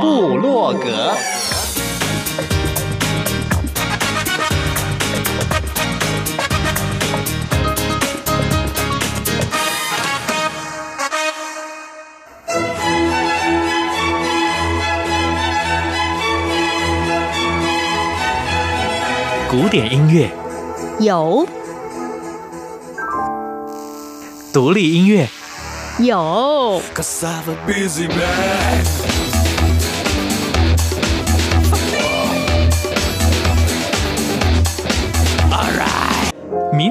部落格，古典音樂有，獨立音樂有，有。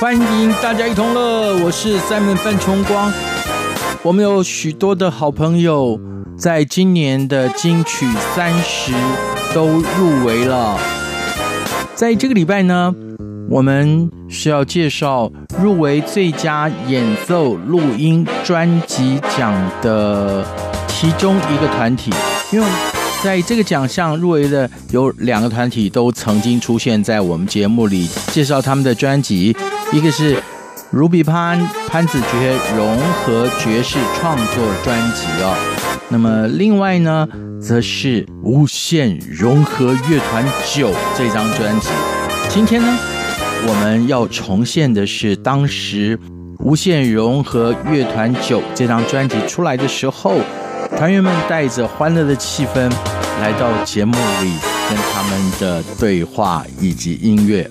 歡迎大家一同樂，我是三門范崇光。我們有許多的好朋友，在今年的金曲三十都入圍了。在這個禮拜呢，我們是要介紹入圍最佳演奏錄音專輯獎的其中一個團體，因為在這個獎項入圍的有兩個團體，都曾經出現在我們節目裡介紹他們的專輯。一個是 Ruby 潘潘子爵融合爵士創作專輯哦、啊，那麼另外呢，則是無限融合樂團9這張專輯。今天呢，我們要重現的是當時無限融合樂團9這張專輯出來的時候，團員們帶着歡樂的氣氛來到節目裡，跟他們的對話以及音樂。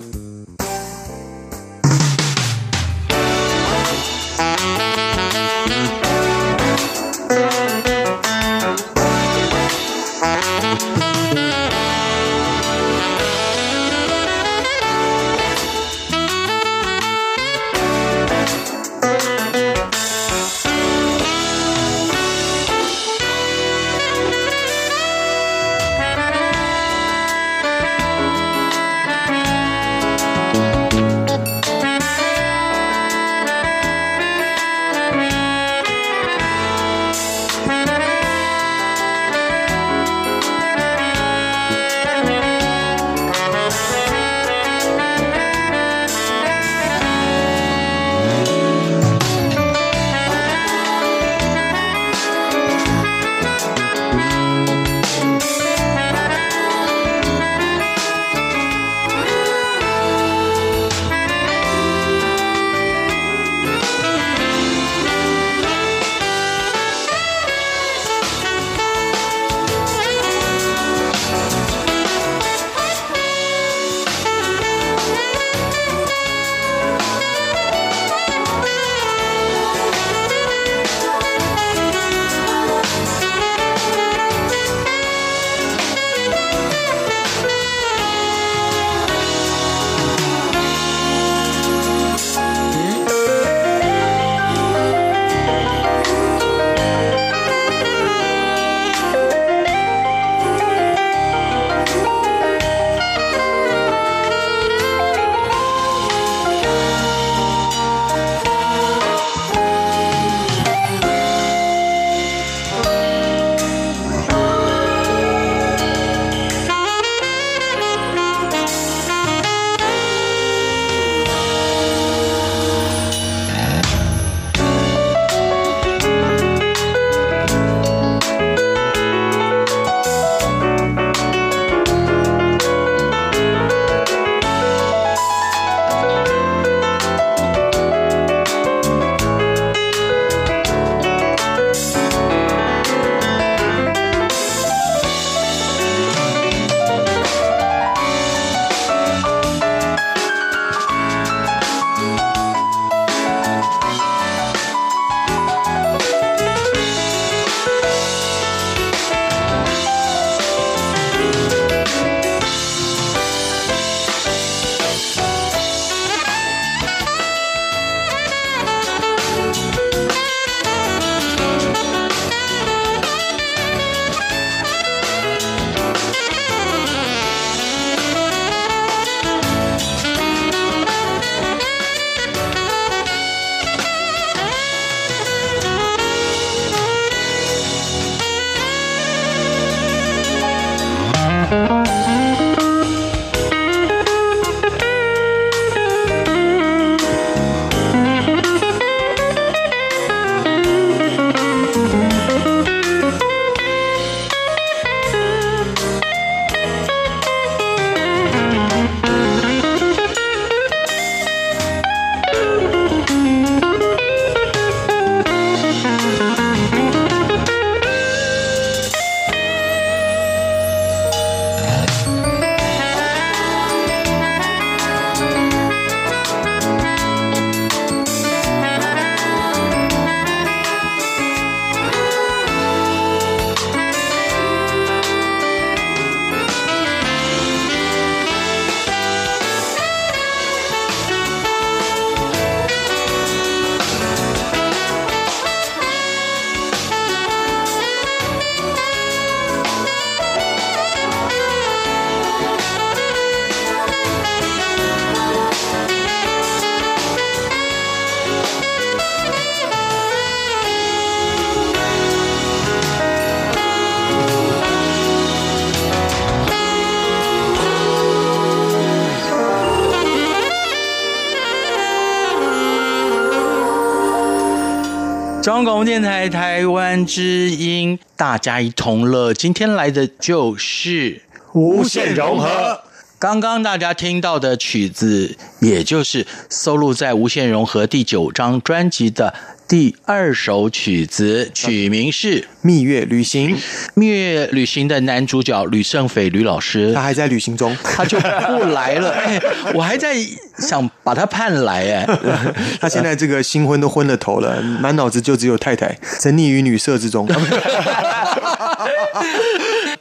中央廣播電臺臺灣之音，大家一同樂。今天來的就是《無限融合》，合剛剛大家聽到的曲子，也就是收錄在《無限融合》第九張專輯的。第二首曲子，曲名是《蜜月旅行》。蜜月旅行的男主角呂勝斐，呂老師，他還在旅行中，他就不來了。哎、 欸，我還在想把他盼來、欸，哎，他現在這個新婚都昏了頭了，滿腦子就只有太太，沉溺於女色之中。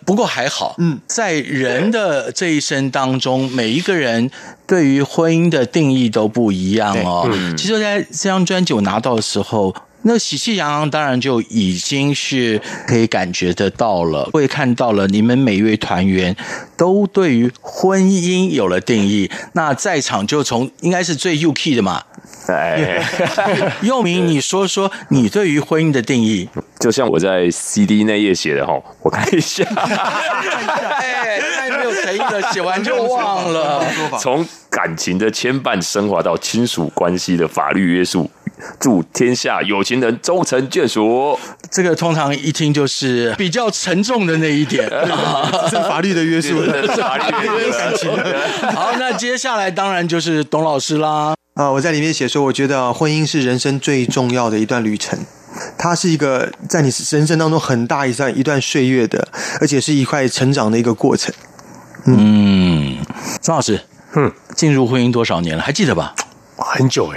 不過還好，嗯，在人的這一生當中，每一個人對於婚姻的定義都不一樣哦。其實，在這張專輯我拿到的時候。那喜氣洋洋當然就已經是可以感覺得到了，會看到了你們每一位團員都對於婚姻有了定義。那在場就從應該是最 UK 的嘛？哎，又明，你說說你對於婚姻的定義？ 就像我在 CD 那頁寫的哈，我看一下，太沒有誠意了，寫完就忘了，說吧。從 感情的牽絆昇華到親屬關係的法律約束。祝天下有情人終成眷屬。這個通常一聽就是比較沉重的那一點，對對 是法律的約束的，是法律的約束。 好，那接下來當然就是董老師啦。啊，我在裡面寫說，我覺得婚姻是人生最重要的一段旅程，它是一個在你人生當中很大一段一段歲月的，而且是一塊成長的一個過程。嗯，曾、嗯、老師，哼，進入婚姻多少年了？還記得吧？很久誒、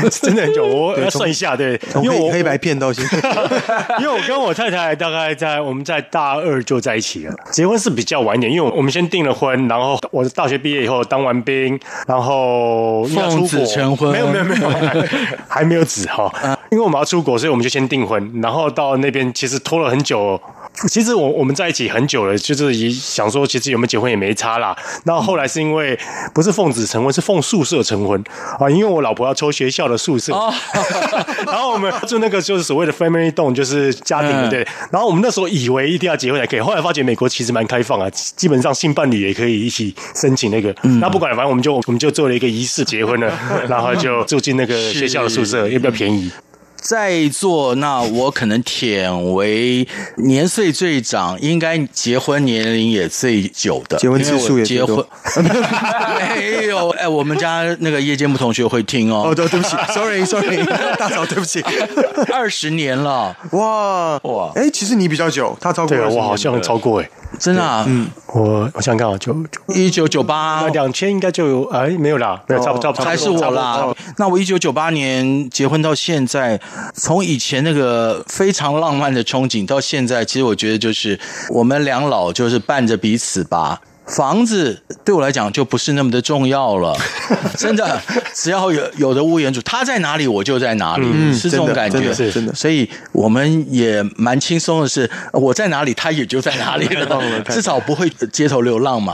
欸、真的很久。我要算一下，對，對對對對，因為我黑白片都行。 因為我跟我太太大概在我們在大二就在一起了。結婚是比較晚一點，因為我們先訂了婚，然後我大學畢業以後當完兵，然後要出國，奉子成婚。沒有沒有沒有，還，還沒有子哈、哦啊，因為我們要出國，所以我們就先訂婚，然後到那邊其實拖了很久了。其實我我們在一起很久了，就是想說，其實有沒有結婚也沒差啦。那後，後來是因為不是奉子成婚，是奉宿舍成婚啊，因為我老婆要抽學校的宿舍，哦、 然後我們住那個就是所謂的 family dorm，就是家庭、嗯、對。然後我們那時候以為一定要結婚才可以，後來發覺美國其實蠻開放啊，基本上性伴侶也可以一起申請那個。嗯、那不管，反正我們就我們就做了一個儀式結婚了，嗯、然後就住進那個學校的宿舍，也比較便宜。嗯在座，那我可能忝為年歲最長，應該結婚年齡也最久的。結婚次數結婚也多。沒 有沒有，哎，我們家那個夜間部同學會聽哦。哦，對，對不起，sorry sorry，大嫂，對不起，二十年了，哇哇，哎、欸，其實你比較久，他超過我，我好像超過哎、欸。真的啊，啊，嗯，我我想想看，就一九九八，兩千應該就有，哎，沒有啦，沒有，差不多、哦、差不多還是我啦。那我一九九八年結婚到現在，從以前那個非常浪漫的憧憬，到現在，其實我覺得就是我們兩老就是伴着彼此吧。房子對我來講就不是那麼的重要了，真的，只要有有的屋檐住，他在哪裡我就在哪裡，是這種感覺，真的。所以我們也蠻輕鬆的是，我在哪裡他也就在哪裡了，至少不會街頭流浪嘛。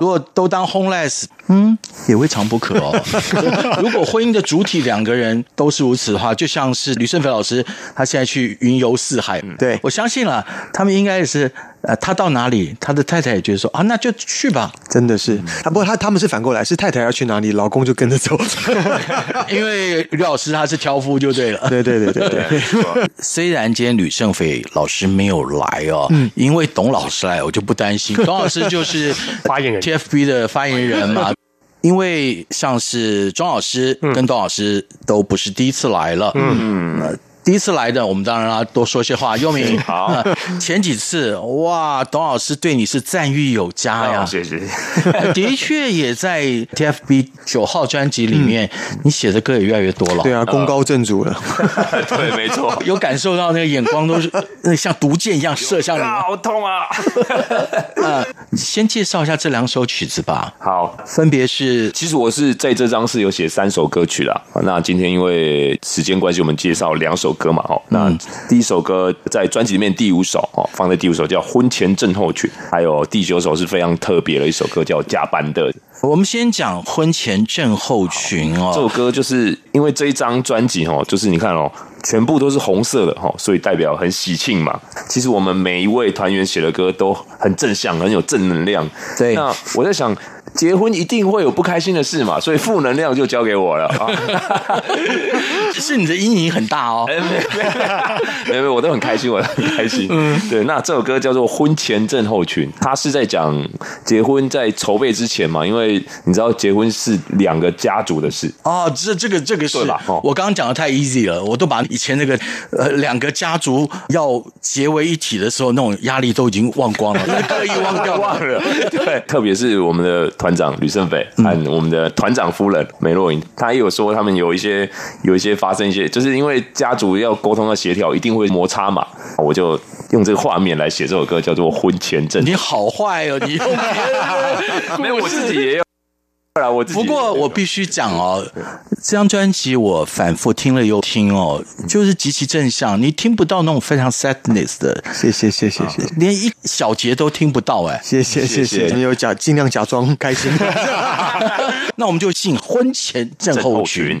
如果都當 homeless。嗯，也未嘗不可哦。 如果婚姻的主體兩個人都是如此的話，就像是呂勝斐老師，他現在去雲遊四海，對、嗯、我相信了，他們應該也是呃，他到哪裡，他的太太也覺得說啊，那就去吧，真的是、嗯、啊。不過他他們是反過來，是太太要去哪裡，老公就跟着走， 因為呂老師他是挑夫就對了。對對對對對、對。 雖然今天呂勝斐老師沒有來哦，嗯、因為董老師來，我就不擔心。董老師就是發言人，T F P 的發言人嘛。因為像是莊老師跟董老師都不是第一次來了。嗯第一次來的，我們當然要多說些話。優米，好，呃，前幾次哇，董老師對你是讚譽有加呀，嗯，謝謝，謝謝呃，的確也在 TFP 九號專輯裡面，嗯，你寫的，嗯嗯，的歌也越來越多了，對啊，功高震主了，呃， 對，沒錯，有感受到那個眼光都是，呃，像毒箭一樣射向你，好，啊，痛啊！ 呃，先介紹一下這兩首曲子吧，好，分別是，其實我是在這張是有寫三首歌曲的。那今天因為時間關係，我們介紹兩首。歌嘛，哦，那第一首歌在專輯裡面第五首哦，放在第五首叫《婚前症候群》，還有第九首是非常特別的一首歌叫《加班的》。我們先講《婚前症候群》哦，這首歌就是因為這一張專輯哦，就是你看哦，全部都是紅色的哈，所以代表很喜慶嘛。其實我們每一位團員寫的歌都很正向，很有正能量。對，那我在想。結婚一定會有不開心的事嘛，所以負能量就交給我了。啊。是你的陰影很大哦？欸。沒有，沒有，我都很開心，我都很開心。嗯，對，那這首歌叫做《婚前症候群》，它是在講結婚在籌備之前嘛，因為你知道結婚是兩個家族的事哦，啊，這這個這個是對吧？哦，我剛剛講的太 easy 了，我都把以前那個呃兩個家族要結為一體的時候那種壓力都已經忘光了， 刻意忘掉了。 對， 特別是我們的團長呂聖斐和我們的團長夫人梅洛云，他也有說他們有一些有一些發生一些，就是因為家族要溝通要協調，一定會摩擦嘛。我就用這個畫面來寫這首歌，叫做《婚前症》。你好壞哦，你又 Okay, 沒有，我自己也有。 不過我必須講哦，對對對對對對，這張專輯我反復聽了又聽哦，就是極其正向，你聽不到那種非常 sadness 的， 謝謝謝謝謝，連一小節都聽不到哎，謝謝 謝，謝，謝，謝，謝謝，你有假儘量假裝開心， 那我們就進婚前症候群。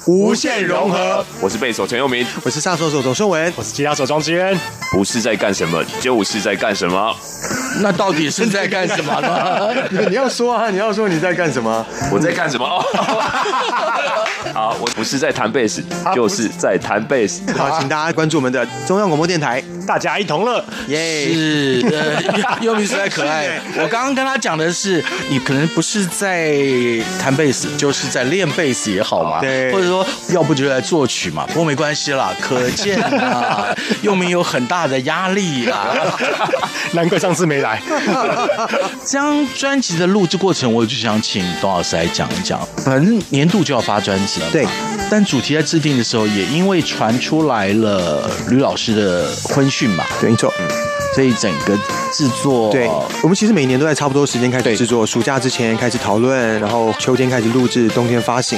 無限，無限融合。我是貝斯手陳佑明，我是薩克斯手，左手董順文，我是吉他手莊之淵。不是在幹什麼，就是在幹什麼。 那到底是在幹什麼呢？？ 你要說啊，你要說你在幹什麼？ 我在幹什麼？ 好，我不是在彈貝斯，啊，就是在彈貝斯。好，請大家關注我們的中央廣播電台，大家一同樂。耶，yeah，是 的，佑明實在可愛。我剛剛跟他講的是，你可能不是在彈貝斯，就是在練貝斯也好嘛，或者。說要不就來作曲嘛，不過沒關係啦。可見啊， 又沒有有很大的壓力啊， 難怪上次沒來。 這張專輯的錄製過程，我就想請董老師來講一講。本年度就要發專輯了嘛，對。但主題在制定的時候，也因為傳出來了呂老師的婚訊嘛，沒錯，嗯。這一整個製作對，對我們其實每年都在差不多時間開始製作，暑假之前開始討論，然後秋天開始錄製，冬天發行。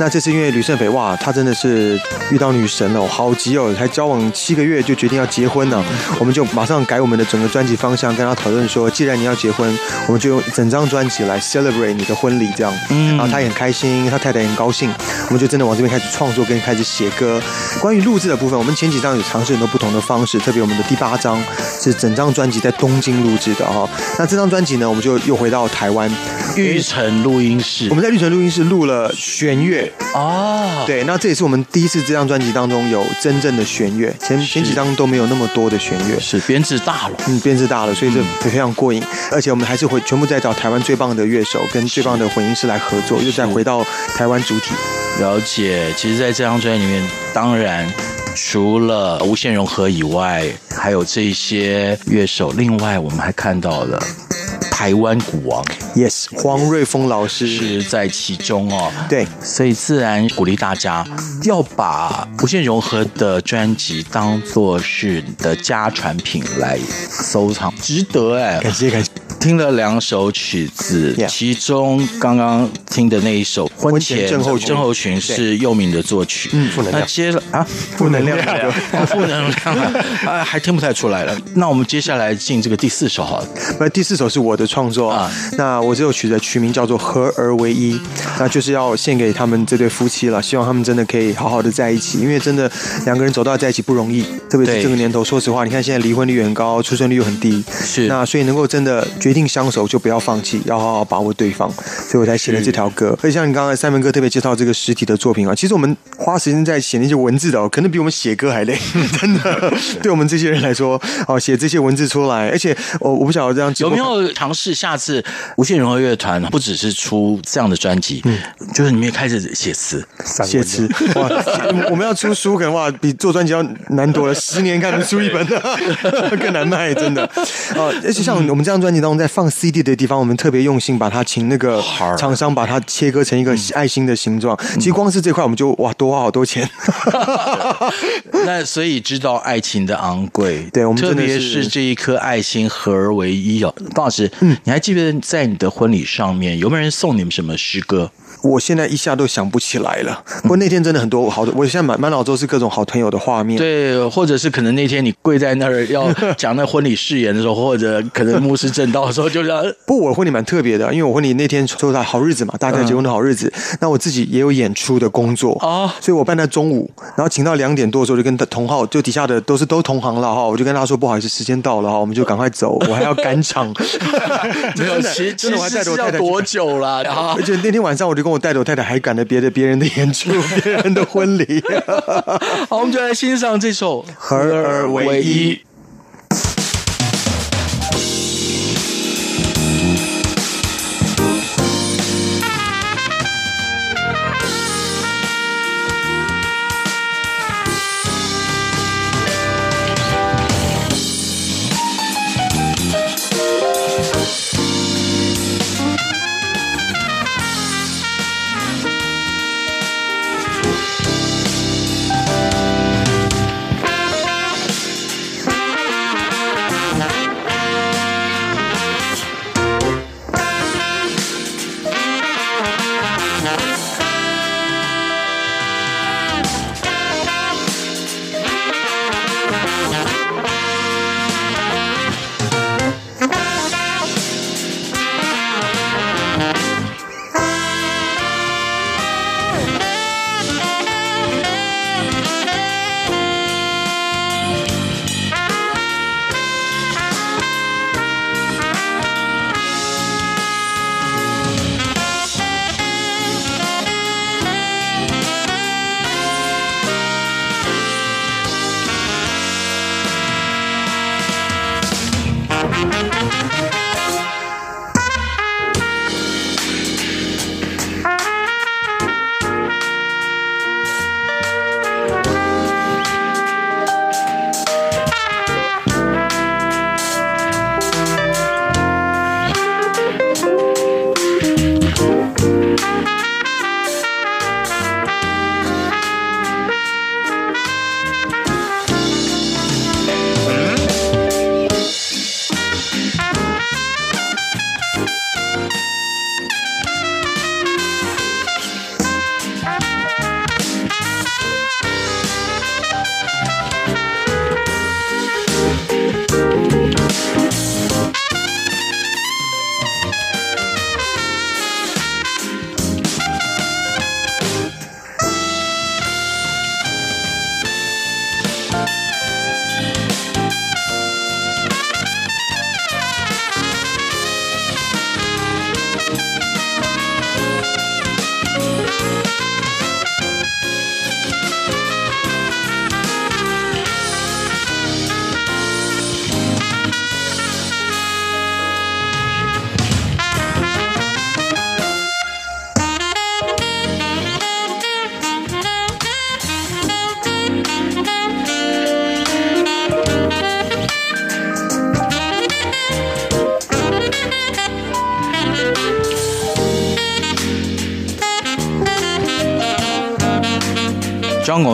那這次因為呂聖斐哇，他真的是遇到女神了，好急哦，才交往七個月就決定要結婚了、嗯，我們就馬上改我們的整個專輯方向，跟他討論說，既然你要結婚，我們就用整張專輯來 celebrate 你的婚禮這樣。嗯，然後他也很開心，他太太也很高興，我們就真的往這邊開始創作，跟開始寫歌。關於錄製的部分，我們前幾張有嘗試很多不同的方式，特別我們的第八張是。整張專輯在東京錄製的哈，那這張專輯呢，我們就又回到台灣玉成錄音室。我們在玉成錄音室錄了弦樂啊、哦，對，那這也是我們第一次這張專輯當中有真正的弦樂，前前幾張都沒有那麼多的弦樂，是編制大了，嗯，編制大了，所以這非常過癮、嗯。而且我們還是會全部在找台灣最棒的樂手跟最棒的混音師來合作，又再回到台灣主體。了解，其實在這張專輯裡面，當然。除了無限融合以外，還有這些樂手。另外，我們還看到了台灣鼓王。yes，黃瑞豐老師是在其中哦。對，所以自然鼓勵大家要把《無限融合》的專輯當做是你的家傳品來收藏，值得哎。感謝感謝。聽了兩首曲子，yeah、其中剛剛聽的那一首《婚前》《症候群》，症候群是佑敏的作曲。嗯，負能量。那接了，啊，負能量，負能量、啊、負能量啊， 還聽不太出來了。那我們接下來進這個第四首好了。那第四首是我的創作啊。那我這首曲子的曲名叫做“合而為一”，那就是要獻給他們這對夫妻了。希望他們真的可以好好的在一起，因為真的兩個人走到在一起不容易，特別是這個年頭。說實話，你看現在離婚率很高，出生率又很低。是。那所以能夠真的決定相守，就不要放棄，要好好把握對方。所以我才寫了這條歌。所以像你剛才三文哥特別介紹這個實體的作品啊，其實我們花時間在寫那些文字的、哦，可能比我們寫歌還累。 真的，對我們這些人來說，哦，寫這些文字出來，而且我我不曉得這樣有沒有嘗試下次我。無限融合樂團不只是出這樣的專輯，嗯，就是你們也開始寫詞，寫詞，哇 ，我們要出書可能哇比做專輯要難多了，十年看能出一本更難賣，的也真的啊、呃。而且像我們這張專輯當中，在放 CD 的地方，我們特別用心，把它請那個廠商把它切割成一個愛心的形狀。其實光是這塊，我們就哇多花好多錢。 那所以知道愛情的昂貴，對我們真的特別是這一顆愛心合而為一哦、喔，鄧老師，嗯，你還記得在你。的婚禮上面有沒有人送你們什麼詩歌？我現在一下都想不起來了。不過那天真的很多我好的，我現在滿滿腦都是各種好朋友的畫面。對，或者是可能那天你跪在那兒要講那婚禮誓言的時候， 或者可能牧師證道的時候就這樣，就是不，我婚禮蠻特別的，因為我婚禮那天就在好日子嘛，大家結婚的好日子，那、嗯、我自己也有演出的工作啊，所以我辦在中午，然後請到兩點多的時候就跟同號就底下的都是都同行了哈，我就跟他說不好意思，時間到了哈，我們就趕快走，我還要趕場。 沒有，其實我實要多久了？而且那天晚上我就跟。我帶著太太，還趕着別的別人的演出，別人的婚禮。 好，我們就來欣賞這首《合二為一。》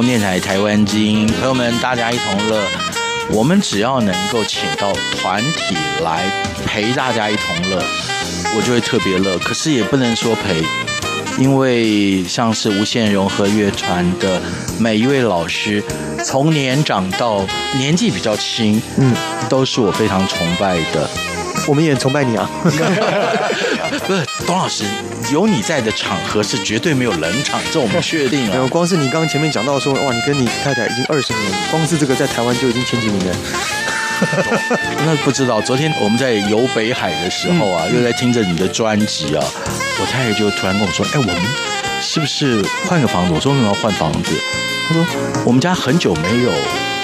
念台台灣音，朋友們大家一同樂。我們只要能夠請到團體來陪大家一同樂，我就會特別樂。可是也不能說陪，因為像是無限融合樂團的每一位老師，從年長到年紀比較輕，嗯，都是我非常崇拜的。我們也崇拜你啊！ 不是董老師，有你在的場合是絕對沒有冷場，這我們確定啊、嗯。光是你剛剛前面講到說，哇，你跟你太太已經二十年了，光是這個在台灣就已經前幾名了。 那不知道，昨天我們在遊北海的時候啊、嗯，又在聽着你的專輯啊，我太太就突然跟我說：“哎、欸，我們是不是換個房子？”我說：“為什麼要換房子？”她、嗯、說、嗯：“我們家很久沒有。”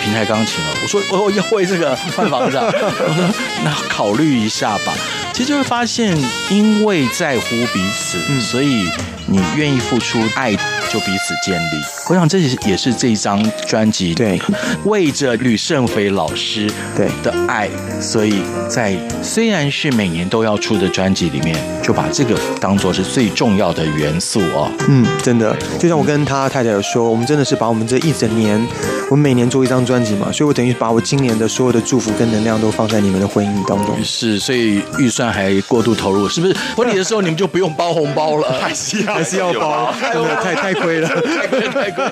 平台鋼琴了、哦，我說我要為這個換房子，我 說那考慮一下吧。其實就會發現，因為在乎彼此、嗯，所以你願意付出愛，就彼此建立、嗯。我想這也是這一張專輯，對，為着呂聖斐老師對的愛對，所以在雖然是每年都要出的專輯裡面，就把這個當做是最重要的元素啊、哦。嗯，真的，就像我跟他太太說，我們真的是把我們這一整年。我每年做一張專輯嘛，所以我等於把我今年的所有的祝福跟能量都放在你們的婚姻當中。是，所以預算還過度投入，是不是婚禮的時候你們就不用包紅包了？還是要還是要包？對對太太虧了，太虧太虧、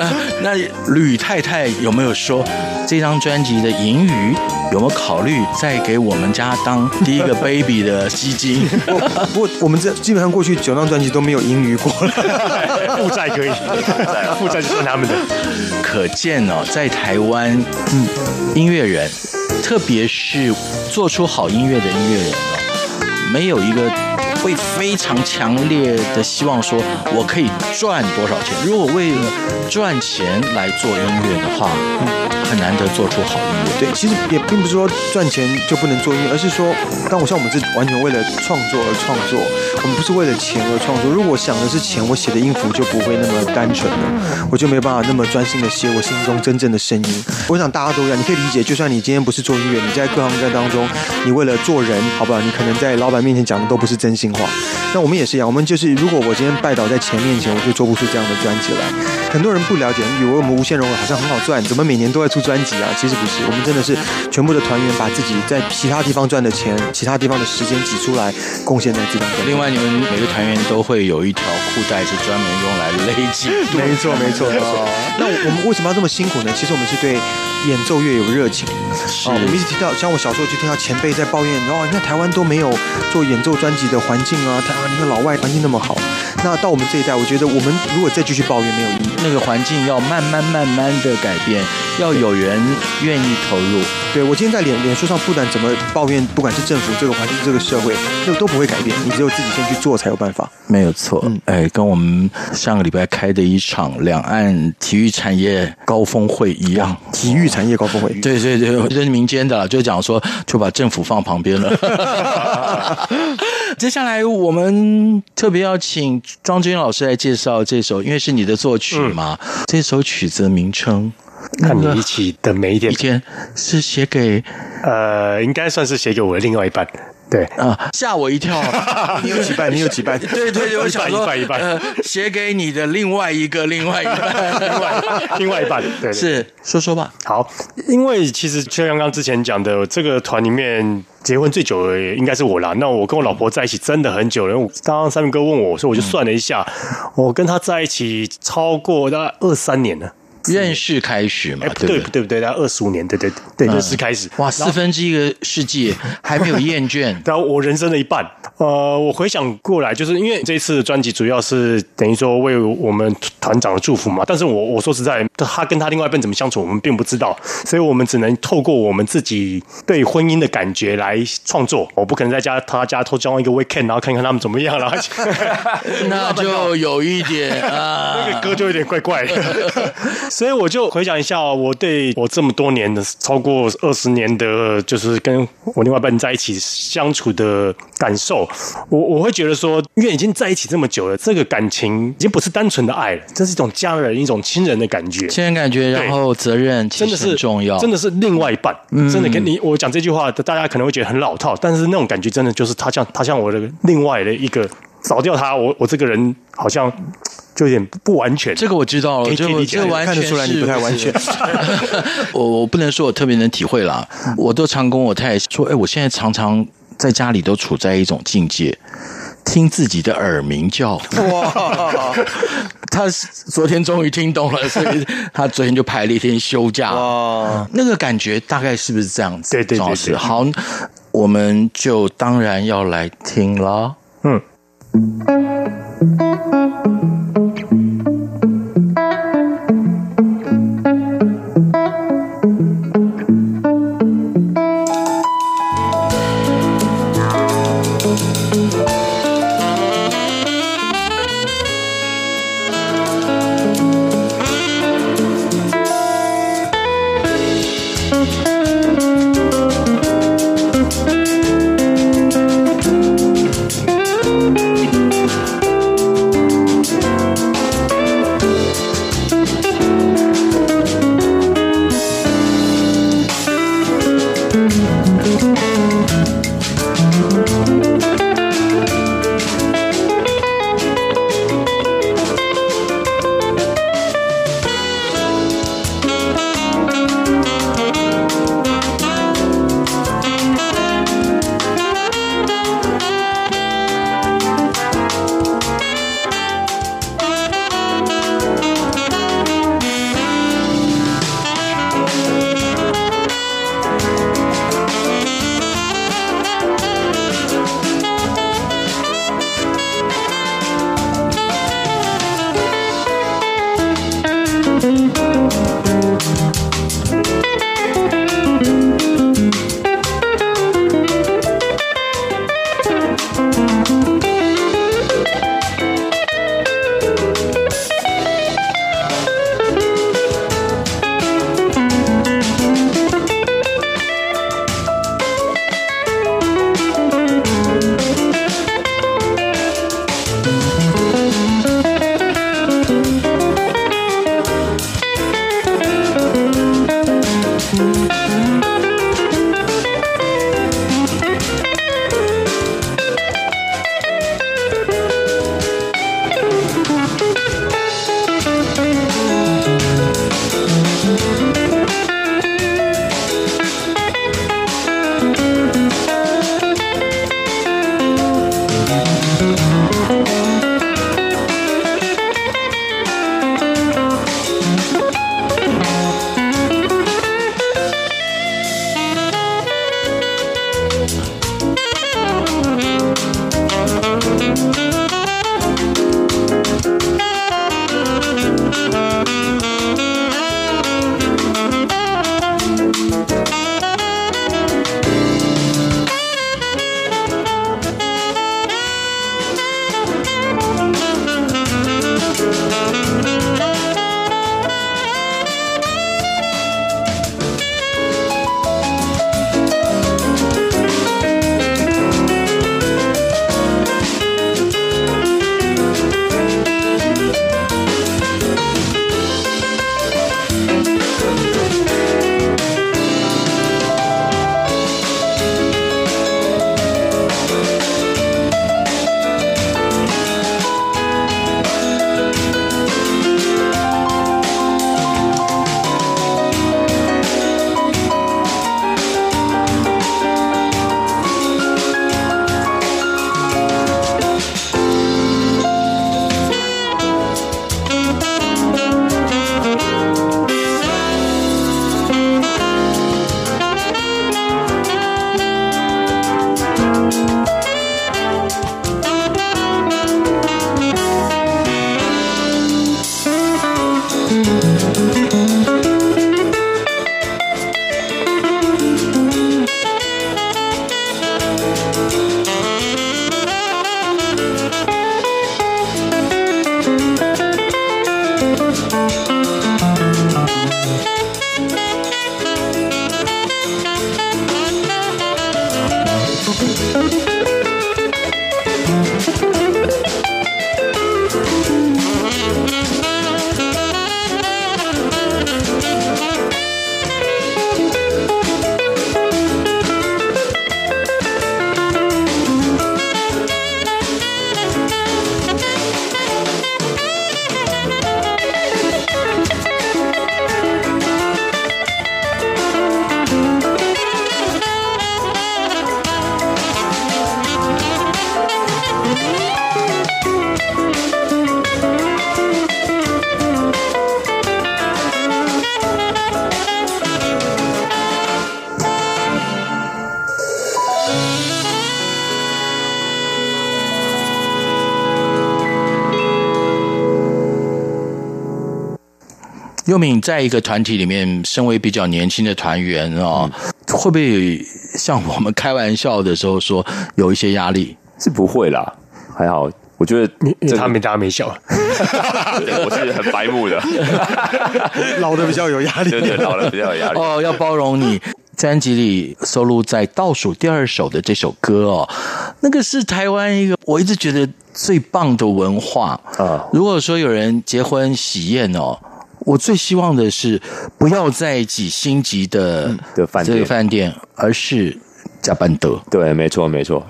啊。那呂太太有沒有說這張專輯的盈餘有沒有考慮再給我們家當第一個 baby 的基金 不？不過我們這基本上過去九張專輯都沒有盈餘過了，負債可以，負債負債就是他們的，可見。在台灣，嗯，音樂人，特別是做出好音樂的音樂人，沒有一個會非常強烈的希望說，我可以賺多少錢？如果為了賺錢來做音樂的話，嗯，很難得做出好音樂。對，其實也並不是說賺錢就不能做音樂，而是說，當我像我們是完全為了創作而創作，我們不是為了錢而創作。如果想的是錢，我寫的音符就不會那麼單純了，我就沒辦法那麼專心的寫我心中真正的聲音。我想大家都一樣，你可以理解。就算你今天不是做音樂，你在各行各業當中，你為了做人，好不好？你可能在老闆面前講的都不是真心。那我們也是一樣，我們就是如果我今天拜倒在錢面前，我就做不出這樣的專輯來。很多人不了解，以為我們無限融合好像很好賺，怎麼每年都在出專輯啊？其實不是，我們真的是全部的團員把自己在其他地方賺的錢、其他地方的時間擠出來貢獻在這張。另外，你們每個團員都會有一條褲帶，是專門用來勒緊。沒錯，沒錯，沒 錯、哦。那我們為什麼要這麼辛苦呢？其實我們是對演奏樂有熱情。啊、哦。我們一直提到，像我小時候就聽到前輩在抱怨，哦，你看台灣都沒有做演奏專輯的環境。境啊，他你看老外環境那麼好，那到我們這一代，我覺得我們如果再繼續抱怨沒有意義。那個環境要慢慢慢慢的改變，要有人願意投入。對，對我今天在臉臉書上，不管怎麼抱怨，不管是政府這個環境、這個社會，都都不會改變。你只有自己先去做，才有辦法。沒有錯，嗯、哎，跟我們上個禮拜開的一場兩岸體育產業高峰會一樣，體育產業高峰會，對對對，這是民間的，就講說就把政府放旁邊了。 接下來。我們特別要請莊君老師來介紹這首，因為是你的作曲嘛。嗯、這首曲子的名稱，和你一起的每一天，那個、一天是寫給，呃，應該算是寫給我的另外一半。對啊，嚇我一跳！你有幾拜？你有幾拜？ 對，對對，我一拜寫、呃、給你的另外一個、另外一個、 另外一 另外一半，對，對，對，是說說吧。好，因為其實像剛剛之前講的，這個團裡面結婚最久的應該是我啦。那我跟我老婆在一起真的很久了。剛剛三明哥問我，說我就算了一下，嗯、我跟她在一起超過大概二三年了。認識開始嘛？哎，不對，對不對，對不對，大概二十五年，對對對，認、嗯、識、就是、開始。哇，四分之一個世紀 還沒有厭倦，然、 啊、我人生的一半。呃，我回想過來，就是因為這次的專輯主要是等於說為我們團長的祝福嘛。但是我我說實在，他跟他另外一半怎麼相處，我們並不知道，所以我們只能透過我們自己對婚姻的感覺來創作。我不可能在家他家偷交換一個 weekend，然後看看他們怎麼樣了。然後 那就有一點啊， 那個歌就有點怪怪。 所以我就回想一下，我對我這麼多年的、超過二十年的，就是跟我另外一半在一起相處的感受，我我會覺得說，因為已經在一起這麼久了，這個感情已經不是單純的愛了，這是一種家人、一種親人的感覺。親人感覺，然後責任其實真的是重要，真的是另外一半，真的跟你、嗯、我講這句話，大家可能會覺得很老套，但是那種感覺真的就是他像他像我的另外的一個，少掉他，我我這個人好像。就有點不完全，這個我知道了，這個完全是。我 我不能說我特別能體會啦， 我都常跟我太太說，哎、欸，我現在常常在家裡都處在一種境界，聽自己的耳鳴叫。哇！ 他昨天終於聽懂了，所以他昨天就排了一天休假。哇！嗯、那個感覺大概是不是這樣子？對對對，是。好，我們就當然要來聽了。嗯。說敏在一個團體裡面，身為比較年輕的團員哦、嗯、會不會像我們開玩笑的時候說有一些壓力？是不會啦，還好。我覺得這他沒大沒小，我是很白目的， 老的比較有壓力 對對，老的比較有壓力。哦，要包容你。專 輯裡收錄在倒數第二首的這首歌哦，那個是台灣一個我一直覺得最棒的文化啊、哦。如果說有人結婚喜宴哦。我最希望的是，不要在幾星級的的飯店，這個飯店，而是賈板德。對，沒錯，沒錯。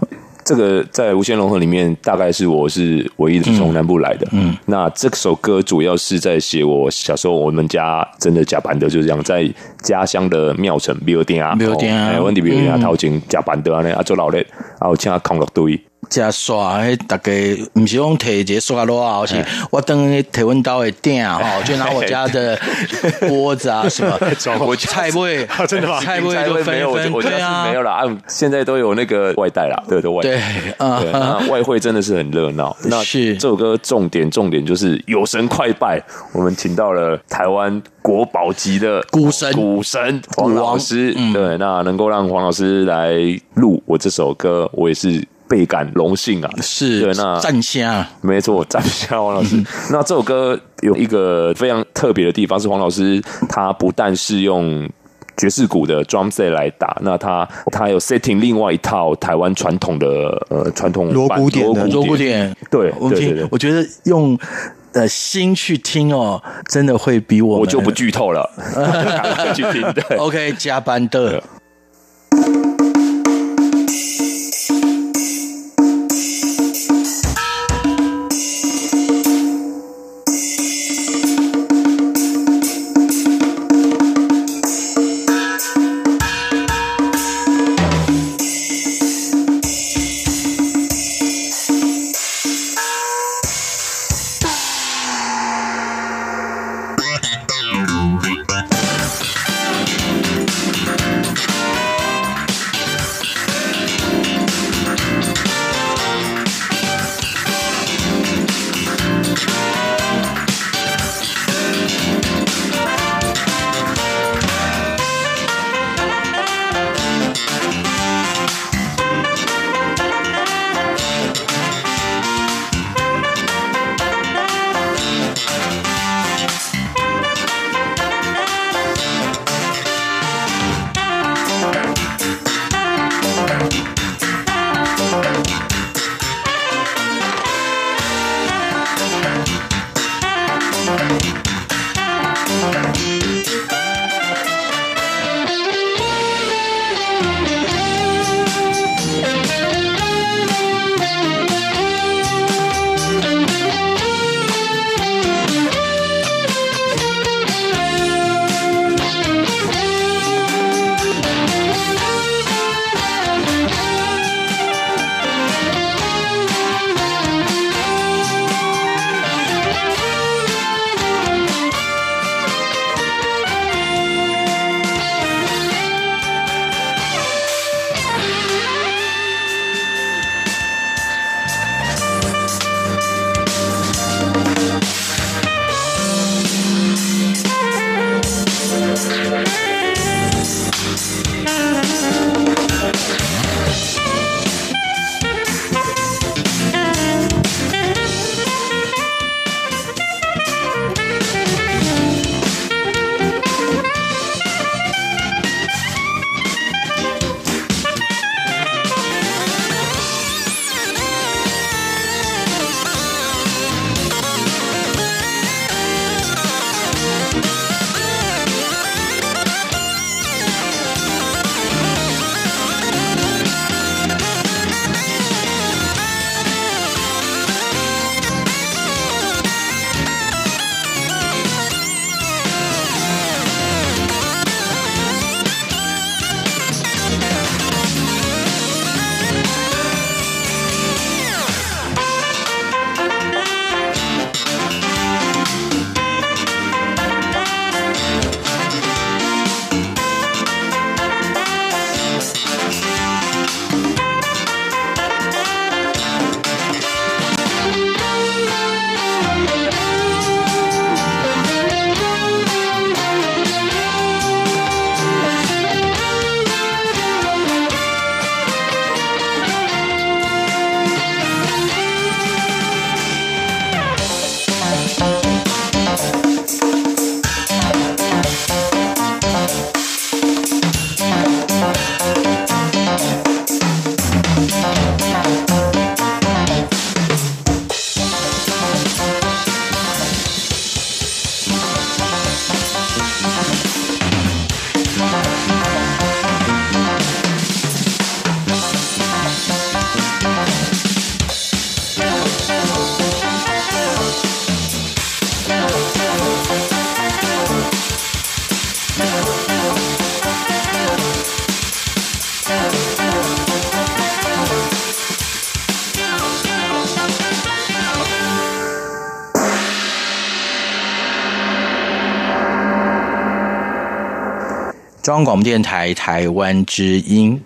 這個在無限融合裡面，大概是我是唯一的從南部來的嗯。嗯，那這首歌主要是在寫我小時候，我們家真的賈板德，就這樣在家鄉的廟城廟電啊，廟電啊，問題廟電啊，陶金賈板德啊，那啊做老嘞，然後請他康樂隊。大家刷，嘿，大家不是用鐵溫刷咯，而且我當體溫刀的頂啊，就拿我家的鍋子啊，什麼去 菜櫃、啊，真的嗎？菜櫃都分分沒有，我家是沒有了啊，啊。現在都有那個外帶啦對，都外帶對，對啊，對外燴真的是很熱鬧。是那是這首歌重點重點就是有神快拜，我們請到了台灣國寶級的鼓神鼓神黃老師，對、嗯，那能夠讓黃老師來錄我這首歌，我也是。倍感榮幸啊！是，對，那站蝦，沒錯，站蝦黃老師、嗯。那這首歌有一個非常特別的地方，是黃老師他不但是用爵士鼓的 drums 來打，那他他有 setting 另外一套台灣傳統的呃傳統鑼鼓點的鑼鼓點。對，我、嗯、聽，我覺得用、呃、心去聽哦，真的會比我我就不劇透了， 去聽，對。OK，加班的。香廣電台台灣之音，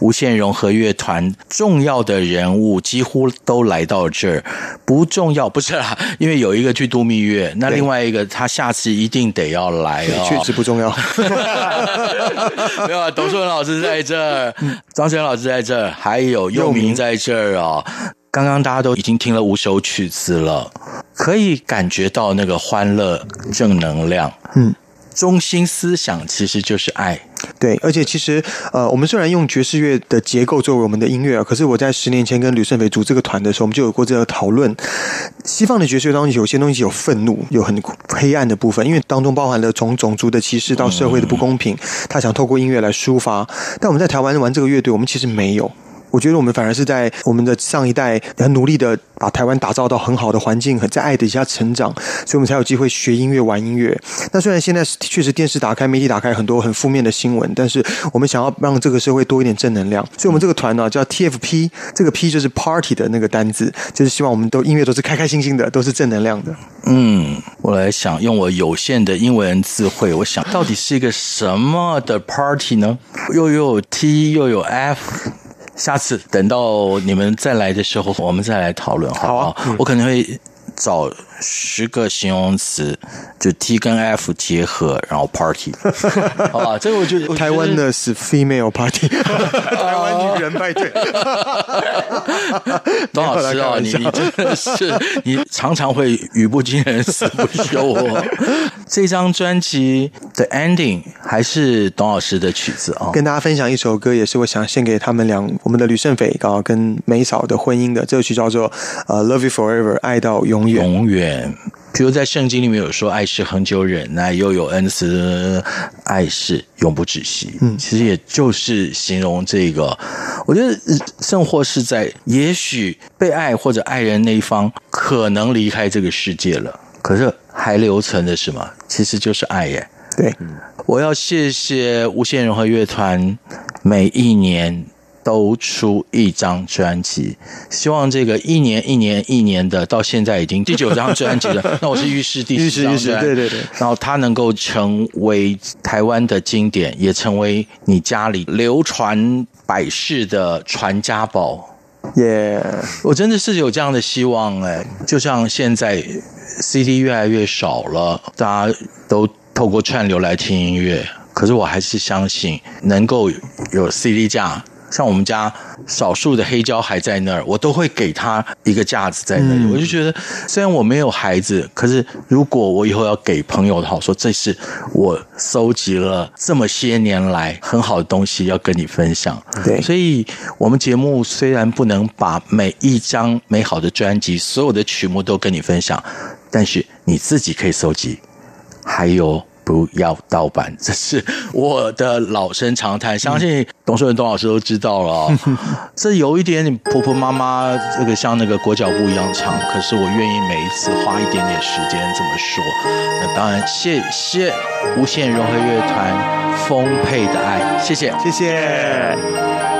無限融合樂團，重要的人物幾乎都來到這兒。不重要，不是啦，因為有一個去度蜜月，那另外一個他下次一定得要來哦。確實不重要。 沒有、啊，董淑文老師在這兒，張賢老師在這兒，還有又明在這兒啊、哦。剛剛大家都已經聽了五首曲子了，可以感覺到那個歡樂正能量。嗯。中心思想其實就是愛，對，而且其實，呃，我們雖然用爵士樂的結構作為我們的音樂，可是我在十年前跟呂聖斐組這個團的時候，我們就有過這個討論。西方的爵士樂當中，有些東西有憤怒，有很黑暗的部分，因為當中包含了從種族的歧視到社會的不公平，他想透過音樂來抒發。但我們在台灣玩這個樂隊，我們其實沒有。我覺得我們反而是在我們的上一代很努力的把台灣打造到很好的環境，和在愛底下成長，所以我們才有機會學音樂、玩音樂。那雖然現在是確實電視打開、媒體打開很多很負面的新聞，但是我們想要讓這個社會多一點正能量，所以我們這個團呢，叫 TFP，這個 P 就是 Party 的那個單字，就是希望我們都音樂都是開開心心的，都是正能量的。嗯，我來想用我有限的英文智慧，我想到底是一個什麼的 Party 呢？又有，有 T 又有 F。下次等到你們再來的時候，我們再來討論好不好？啊，我可能會。找十個形容詞，就 T 跟 F 結合，然後 Party，好吧？哦啊、 這個我覺得，台灣的是 Female Party， 台灣女人派對，董 老師啊，你 你真的是， 你常常會語不驚人死不休哦、啊。 這張專輯的 Ending 還是董老師的曲子啊，跟大家分享一首歌，也是我想獻給他們兩，我們的呂聖斐剛好跟梅嫂的婚姻的這首曲叫做呃 Love You Forever，愛到永遠。永遠，比如在聖經裡面有說“愛是恆久忍耐，又有恩慈”，愛是永不止息。嗯，其實也就是形容這個。我覺得，甚或是在，也許被愛或者愛人那一方可能離開這個世界了，可是還留存著什麼？其實就是愛耶、欸。對，我要謝謝無限融合樂團，每一年。都出一張專輯，希望這個一年一年一年的，到現在已經第九張專輯了。 那我是預示第十張 對對對。然後它能夠成為台灣的經典，也成為你家裡流傳百世的傳家寶。耶、yeah.！我真的是有這樣的希望哎、欸。就像現在 CD 越來越少了，大家都透過串流來聽音樂。可是我還是相信能夠有 CD 架。像我們家少數的黑膠還在那兒，我都會給他一個架子在那裡。嗯。我就覺得，雖然我沒有孩子，可是如果我以後要給朋友的話，說這是我搜集了這麼些年來很好的東西，要跟你分享。對，所以我們節目雖然不能把每一張美好的專輯，所有的曲目都跟你分享，但是你自己可以搜集。還有。不要盜版，這是我的老生常談，相信董舜文董老師都知道了，哦。 這有一點你婆婆媽媽，這個像那個裹腳布一樣長，可是我願意每一次花一點點時間這麼說。那當然謝謝，謝謝無限融合樂團豐沛的愛，謝謝，謝謝。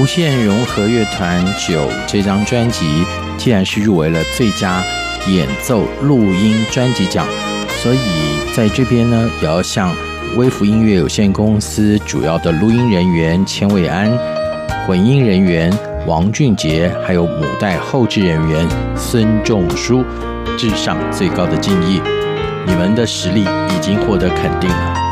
無限融合樂團9這張專輯，既然是入圍了最佳演奏錄音專輯獎，所以在這邊呢，也要向微服音樂有限公司主要的錄音人員錢偉安、混音人員王俊杰，還有母帶後制人員孫仲書，致上最高的敬意。你們的實力已經獲得肯定了。